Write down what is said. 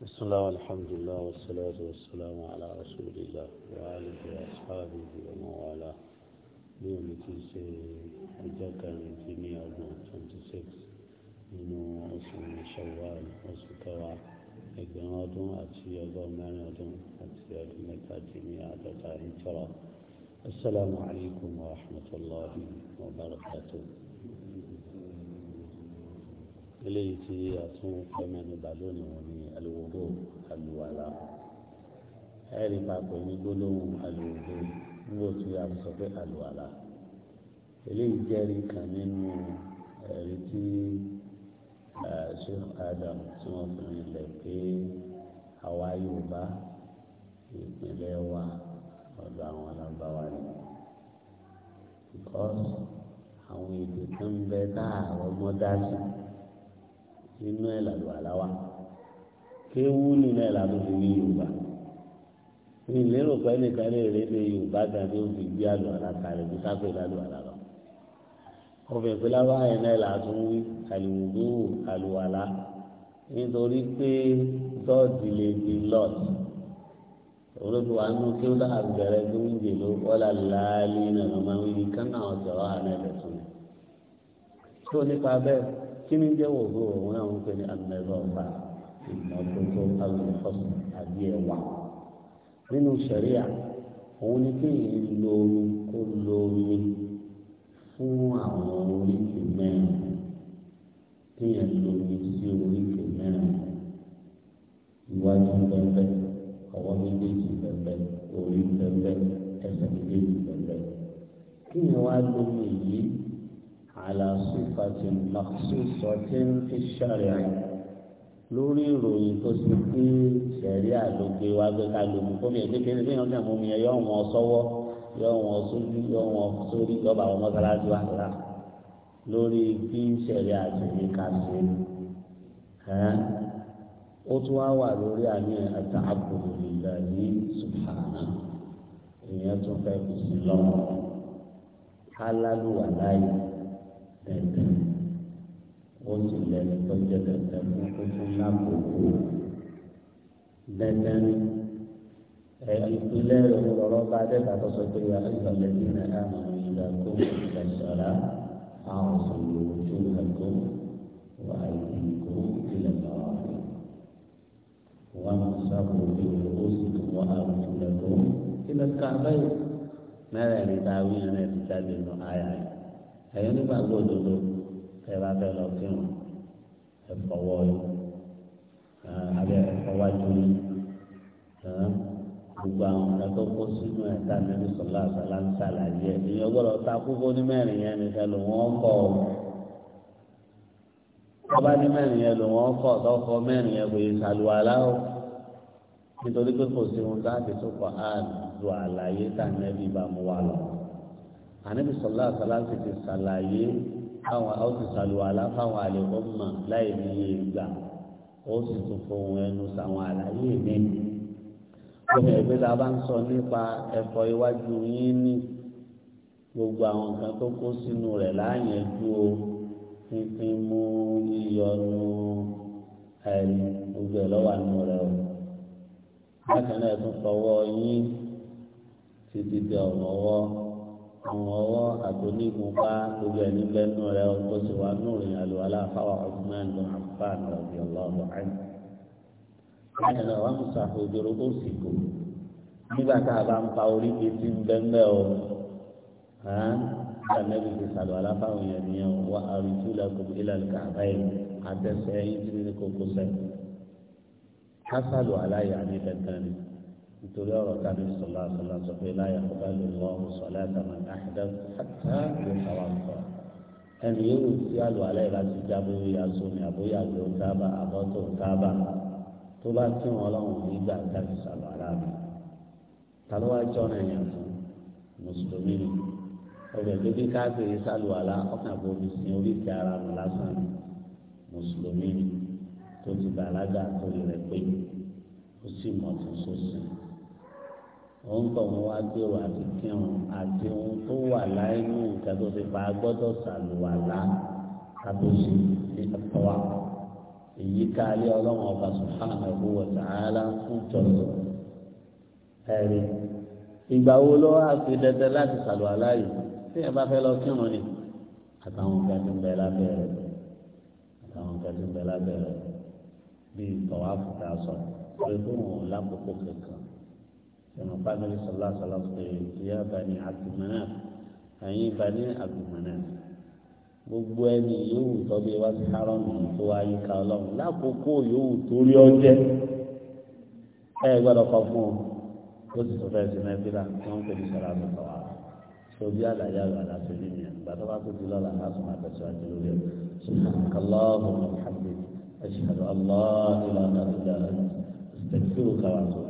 بسم الله والحمد لله والصلاة والسلام على رسول الله وآله وأصحابه ومن والاه اليوم تيسي أجاك من تيمية أبو 26 إنه أصل شوال أصل كوا إجماع دون أتي أضمان دون أتي أدمك تيمية أدتا السلام عليكم ورحمة الله وبركاته eléyìí tí a tún fẹ́ mẹ́nu bà lónìí wọn ni alùwòdó alùwàlà ẹ̀rí papọ̀ ní gbólóhùn alùwòdó nígbà tí a sọ pé alùwàlà eléyìí jẹ́rí kan nínú ẹ̀rí tí Sheikh Adam tí wọ́n fi rinlẹ̀ pé àwa Yorùbá ìpínlẹ̀ wa ọ̀dọ̀ àwọn alábáwa ni because àwọn èdè kan bẹ tá àwọn ọmọ dá sí inú ẹ̀ làlù àláwà kéwú nínú ẹ̀ làlù fi rí yorùbá ní lérò pé nìkan lè rí ní yorùbá gàdé ó fi gbé àlù àlá kalẹ̀ bí sápè lálù àlá lọ. ọbẹ̀ pé lábá ẹ̀ náà làtún wí àlùwùdó àlùwàlá nítorí pé dọ́ọ̀dì lè di lọ́ọ̀tì olóòtú wa nù kí ó dá àgbẹ̀rẹ̀ tó ń jè ló láàlì nàmọ́ máa ń wí kánà ọ̀sẹ̀ wà hàn ẹ̀ lẹ́tọ̀ọ́ tó nípa bẹ́ẹ̀ kí ni jẹ́ wògbó òun náà ń pè ní amẹ́rọ̀ọ̀bà ìmọ̀tótó alùpùpù àbí ẹ̀wà nínú sẹ̀ríà òun ni kéèyàn lo omi kó lo omi fún àwọn oríkèé mẹ́rin kéèyàn lo omi sí oríkèé mẹ́rin iwájú pẹ́pẹ́ ọwọ́ méjèèjì pẹ́pẹ́ orí pẹ́pẹ́ ẹsẹ̀ méjèèjì pẹ́pẹ́ kéèyàn wá lo yìí. على صفة مخصوصة في الشريعة lórí ìròyìn tó ṣe pé ṣẹ̀rí àlògbé wa gbé ká lòmù kó mi ẹ̀ kékeré bí wọ́n kàn mú mi ẹ yọ wọn sọ́wọ́ yọ wọn sójú yọ wọn sórí yọba àwọn mọ́sálásí wa rà lórí bí ṣẹ̀rí àtúnyẹ ká ṣe ó tún wá wà lórí àmì ẹ̀ta àbùrù ìlà ní subhana ìyẹn tún fẹ́ kù sí lọ́wọ́ ká dandan ó sì lẹnu tọ́jú dandan fún kókó lákòókò dandan ìpínlẹ̀ ọ̀rọ̀ bá dẹ́gbà tó sọ pé àìsàn lẹ́yìn náà àwọn ìlà kó ìtàṣọ́ra àwọn òṣèlú ojú ìlàkó wà ìdìbò ìlẹ̀ náà wọ́n sábò bí ó sì tó wọ́n àrùn ìlẹ̀kó ìlẹ̀ká báyìí mẹ́rẹ̀ẹ̀rin tá a wí yẹn náà ti jáde nù ayà yìí. ẹ̀yin nígbà gbòdodo ẹ bá fẹ́ lọ sí wọn ẹ fọwọ́ yìí abẹ ẹ fọwọ́ adúlé gbogbo àwọn ọ̀gá tó kó sínú ẹ̀ tá nínú sọlá àṣàlá ń ṣàlàyé ẹ̀ ìyẹn gbọ́dọ̀ ta kókó ní mẹ́rin yẹn nìkan ló wọ́n kọ́ ọ. ọba ní mẹ́rin yẹn ló wọ́n kọ́ ọ̀dọ́kọ mẹ́rin yẹn kò yẹ ṣàlùwà láwọ̀ nítorí pé kò sí ohun láti tó kọ́ àdùn àlàyé tá nẹ́bí bá mú wa lọ ànábì sọlá àtàlà ti ti ṣàlàyé àwọn àwọn ti ṣàlùwàlá fáwọn àlè ọmọ láì ní iye ìgbà ó sì tún fohùn ẹnu sàwọn àlàyé mi lómi ẹgbẹ́ la bá ń sọ nípa ẹ̀kọ́ iwájú yín ní gbogbo àwọn nǹkan tó kó sínú rẹ̀ láàyànjú o pínpín mú yíyọnu ẹ̀rí gbogbo ẹ̀ lọ́wọ́ àánú rẹ̀ o bákan náà ẹ̀ tún fọwọ́ yín títí di ọ̀nà ọwọ́ àwọn ọwọ́ àtònígun bá gbogbo ẹni lẹ́nu rẹ ọkọ sì wá nùrìn àlùwalá fáwọn Uthman bin Affan radiyallahu anhu. láti lọ wá mùsàfù ìjòrò tó sì kù nígbà tá a bá ń pa orí bíi ti ń bẹ́ńbẹ́ o ànẹ́bí ti sàlùwalá fáwọn èèyàn nìyẹn wà àrùtú lẹ́kùn ilẹ̀ kàbá yìí àtẹ̀sẹ̀ yìí ti ní kókó sẹ́yìn. ká sàlùwalá yà ní dandan ni nítorí ọ̀rọ̀ tábí sọ̀lá sọ̀lá sọ pé láyà kó bá lè wọ ọ̀hún sọ̀lá àtàmà àdá àtà ló sáwà sọ̀. ẹnì yóò tí àlọ́ alẹ́ láti jábọ̀ ìyá sómi àbóyá ló ń tábà àbọ̀ tó ń tábà tó bá tí wọn ọlọ́run nígbà tábí sọ̀lá aláàbò. ta ló náà yàn fún mùsùlùmí ni ọbẹ̀ tó káàkiri sálùú ọkàn àbòmí sí oríkì ara mi lásán mùsùlùmí ni tó ti bàlágà tó lè rẹ pé ó sì mọ̀ tó sósìn wọn tọ̀ wọn wá gbèrò àti kírun àti ohun tó wà láìnú nǹkan tó ti fa gbọ́dọ̀ sàlùwàlá àtúnṣe ní àtọ́wà èyí ká lé ọlọ́run ọba subhanahu wa ta'ala fún jọ̀sọ̀ ẹ̀rí ìgbà wo ló wá fi dẹdẹ láti sàlùwàlá yìí tí ẹ bá fẹ́ lọ kírun ni àtàwọn nǹkan ti ń bẹ lábẹ́ rẹ̀ àtàwọn nǹkan bẹ lábẹ́ rẹ̀ bíi tọ̀wá sọ pé fún òun lákòókò sọ̀rọ̀ fámìlì sọ̀lá sọ̀lá pé ìyá bani abdulmanaf ẹ̀yin bani abdulmanaf gbogbo ẹni yòówù tọ́bi wá sí hárọ̀mù tó wá yí ká ọlọ́run lákòókò yòówù torí ọjẹ́ ẹ gbọ́dọ̀ kọ fún ọ ó sì tún fẹ́ẹ́ sí mẹ́fílà tí wọ́n ń pè ní sọ̀rọ̀ àtọ̀tọ̀ wa sobi àlàyé àwọn aláṣẹ nínú yẹn gbàtọ́ bá tó ti lọ́la láti máa tẹ̀síwájú lórí ẹ̀ سبحانك اللهم